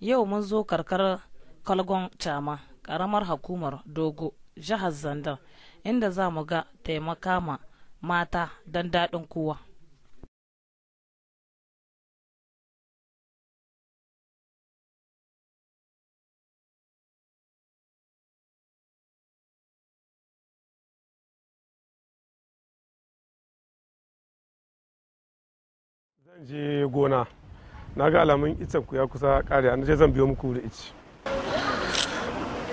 Yau mun zo karkar Kalgon Chama, ƙaramar hukumar Dogo, jihar Zandar, inda za mu ga taimaka ma mata don daɗin kowa. Zan je gona. na ga alamun icen ku ya kusa kare na je zan biyo muku da ici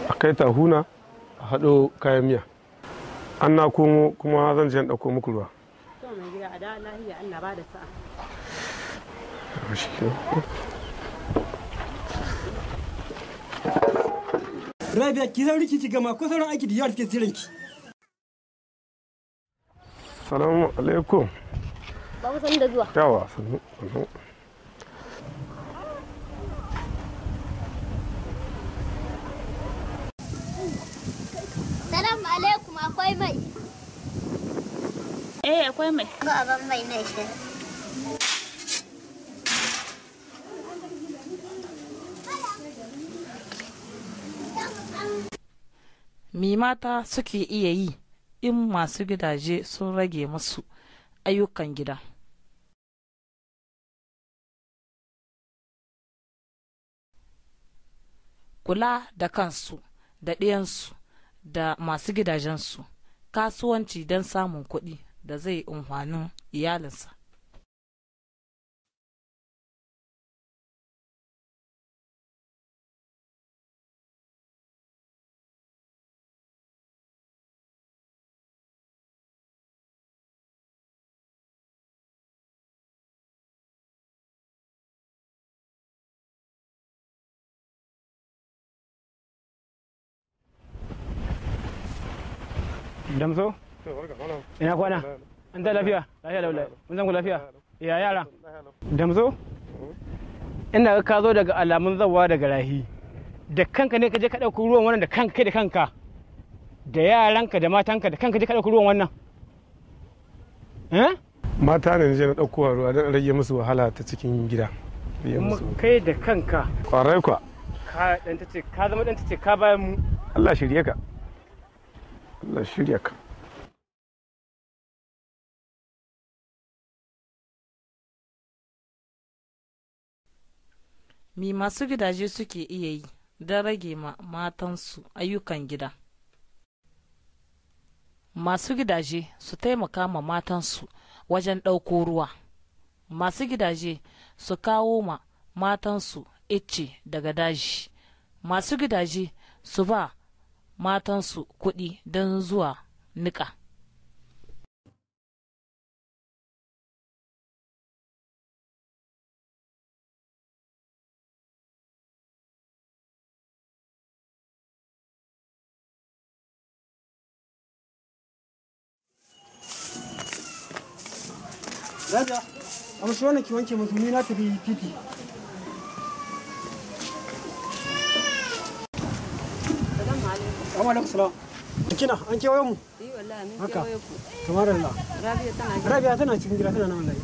a kai tahuna a haɗo kayan miya an na komo kuma zan je ɗauko muku ruwa Rabia ki sauri ki gama ko sauran aiki da yawa ke jiran ki. Salamu alaikum. Babu san da zuwa. Yawa sannu. alaikum akwai mai. Eh akwai mai. mai ne shi. Mi mata suke iya yi in masu gidaje sun rage masu ayyukan gida. Kula da kansu da ɗiyansu. da masu gidajensu kasuwanci don samun kuɗi da zai umfanin iyalinsa damso ina kwana an ta lafiya lafiya laula mun zan ku lafiya ya yara damso ina ka zo daga alamun zawa daga rahi da kanka ne ka je ka ɗauki ruwan wannan da kanka da kanka da yaranka da matanka da kanka je ka ɗauki ruwan wannan eh? mata ne je na ɗauko ruwa don rage musu wahala ta cikin gida kai da kanka kwarai kwa ka dan tace ka zama dan tace ka bayan mu Allah shirye ka Allah shirya ka mi masu gidaje suke iya yi don rage ma matansu ayyukan gida masu gidaje su taimaka ma matansu wajen ɗauko ruwa masu gidaje su kawo ma matansu icce daga daji masu gidaje su ba matansu kuɗi don zuwa niƙa. Raja, a wasu wannan ki wanke musu ni na tafi titi. Assalamu alaikum salam. Kina an kewaye mu? Eh Kamar Rabi'a tana cikin gida tana nan wallahi.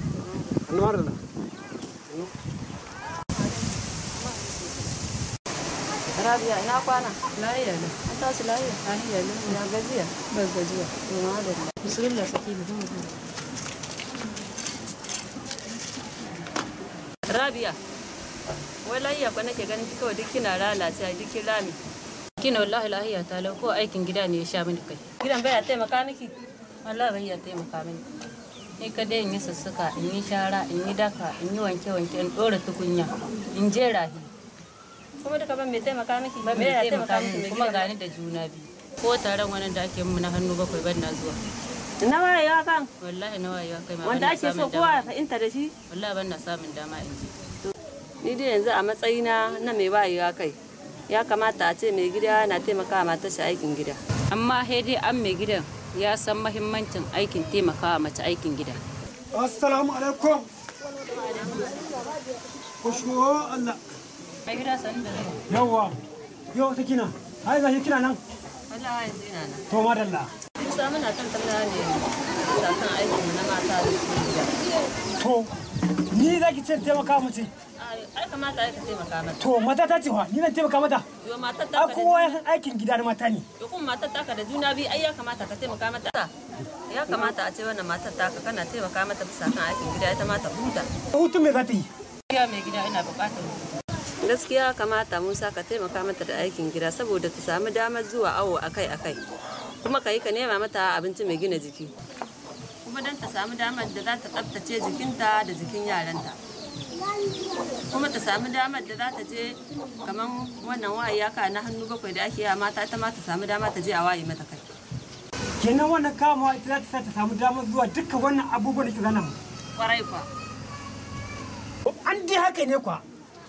Kamar Allah. Rabi'a ina kwana? ne. An tashi ne. gajiya? Ba gajiya. da. Bismillah saki bi dun. Rabi'a. Wai ba nake ganin kawai duk kina lalace duk kin rami. kina wallahi lahiya ta lau ko aikin gida ne ya sha mini kai gidan bai ya taimaka miki wallahi bai ya taimaka mini ni ka dai in yi sussuka in yi shara in yi daka in yi wanke wanke in dora tukunya in je rahi kuma duka ban mai taimaka miki ban mai taimaka miki kuma gani da juna biyu ko taron wani da ake mun na hannu bakwai ban na zuwa na wayewa kan wallahi na wayewa kai ma wanda ake so kowa ya fahimta da shi wallahi ban na samun dama in je ni dai yanzu a matsayina na mai wayewa kai ya kamata a ce mai gida na taimakawa matarsa aikin gida amma dai an mai gidan ya san mahimmancin aikin taimakawa mace aikin gida assalamu alaikum ku muna kan na mata da ni za ki ce taimaka mace ai kamata ai ka taimaka mata to mata ta ce wa ni zan taimaka mata yo matar ta ka kowa yan aikin gida na mata ne yo kuma matar ta ka da juna biyu ai ya kamata ka taimaka mata ya kamata a ce wannan matar ta ka kana taimaka mata bisa kan aikin gida ita ma ta huta hutun me za ta yi ya mai gida ina buƙatar gaskiya kamata Musa ka taimaka mata da aikin gida saboda ta samu damar zuwa awo akai-akai kuma ka yi ka nema mata abinci mai gina jiki kuma don ta samu damar da za ta tsabtace jikinta da jikin yaranta kuma ta samu damar da za ta je kamar wannan wayi yaka na hannu bakwai da ake yi mata ta ma ta samu dama ta je a wayi mata kai kenan wannan kamawa ita za ta sa ta samu damar zuwa duka wannan abubuwan da ke zana mu kwarai kwa an dai haka ne kwa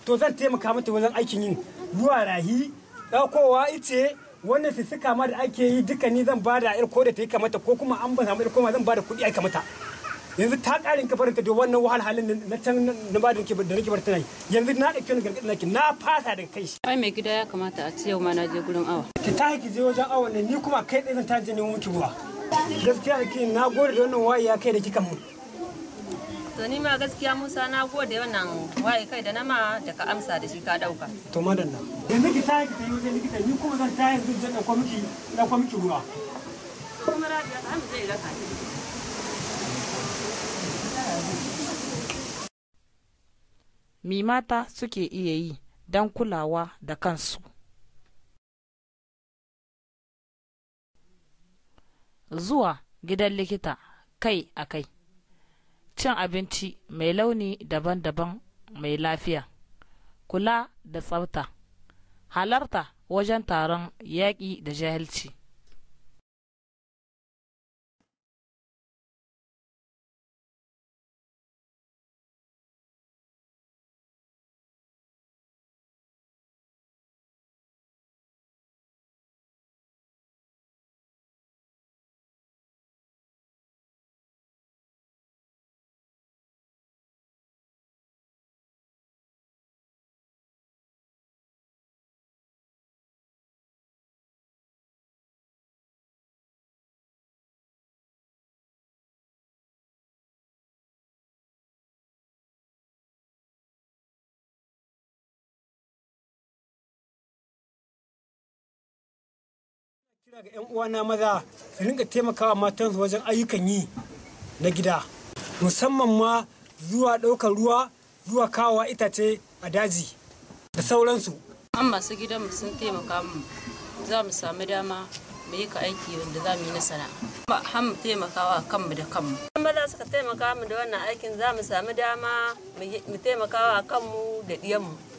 to zan taimaka mata wajen aikin yin ruwa rahi ɗaukowa ice wannan sissika ma da ake yi duka ni zan bada da ko da ta yi kamata ko kuma an ba samu irko ma zan bada kuɗi ai kamata yanzu ta ƙarin ka ta da wannan wahal halin na can na ba da nake bar tunani yanzu na ɗauki wani gargaɗi nake na fasa da kai shi. ai mai gida ya kamata a ce yau ma na je gurin awa. ki ta ki je wajen awa ne ni kuma kai ɗaya zan ta je mutuwa miki ruwa gaskiya da na gode da wannan waye ya kai da kika mu. to ni ma gaskiya musa na gode wannan waye kai da nama da ka amsa da shi ka dauka to madalla miki ta tayi ta yi wajen likita ni kuma zan tayi yanzu jan miki da na miki ruwa kuma rabiya ta mu zai raka mi mata suke iya yi don kulawa da kansu zuwa gidan likita kai a kai cin abinci mai launi daban-daban mai lafiya kula da tsafta halarta wajen taron yaƙi da jahilci kira ga 'yan uwana maza su rinka taimakawa matansu wajen ayyukan yi na gida musamman ma zuwa ɗaukar ruwa zuwa kawowa itace a daji da sauransu an masu gidanmu sun taimaka mu za mu sami dama mu yi ka aiki wanda za mu yi na sana'a har mu taimakawa kanmu da kanmu maza suka taimaka mu da wannan aikin za mu sami dama mu taimakawa kanmu da ɗiyanmu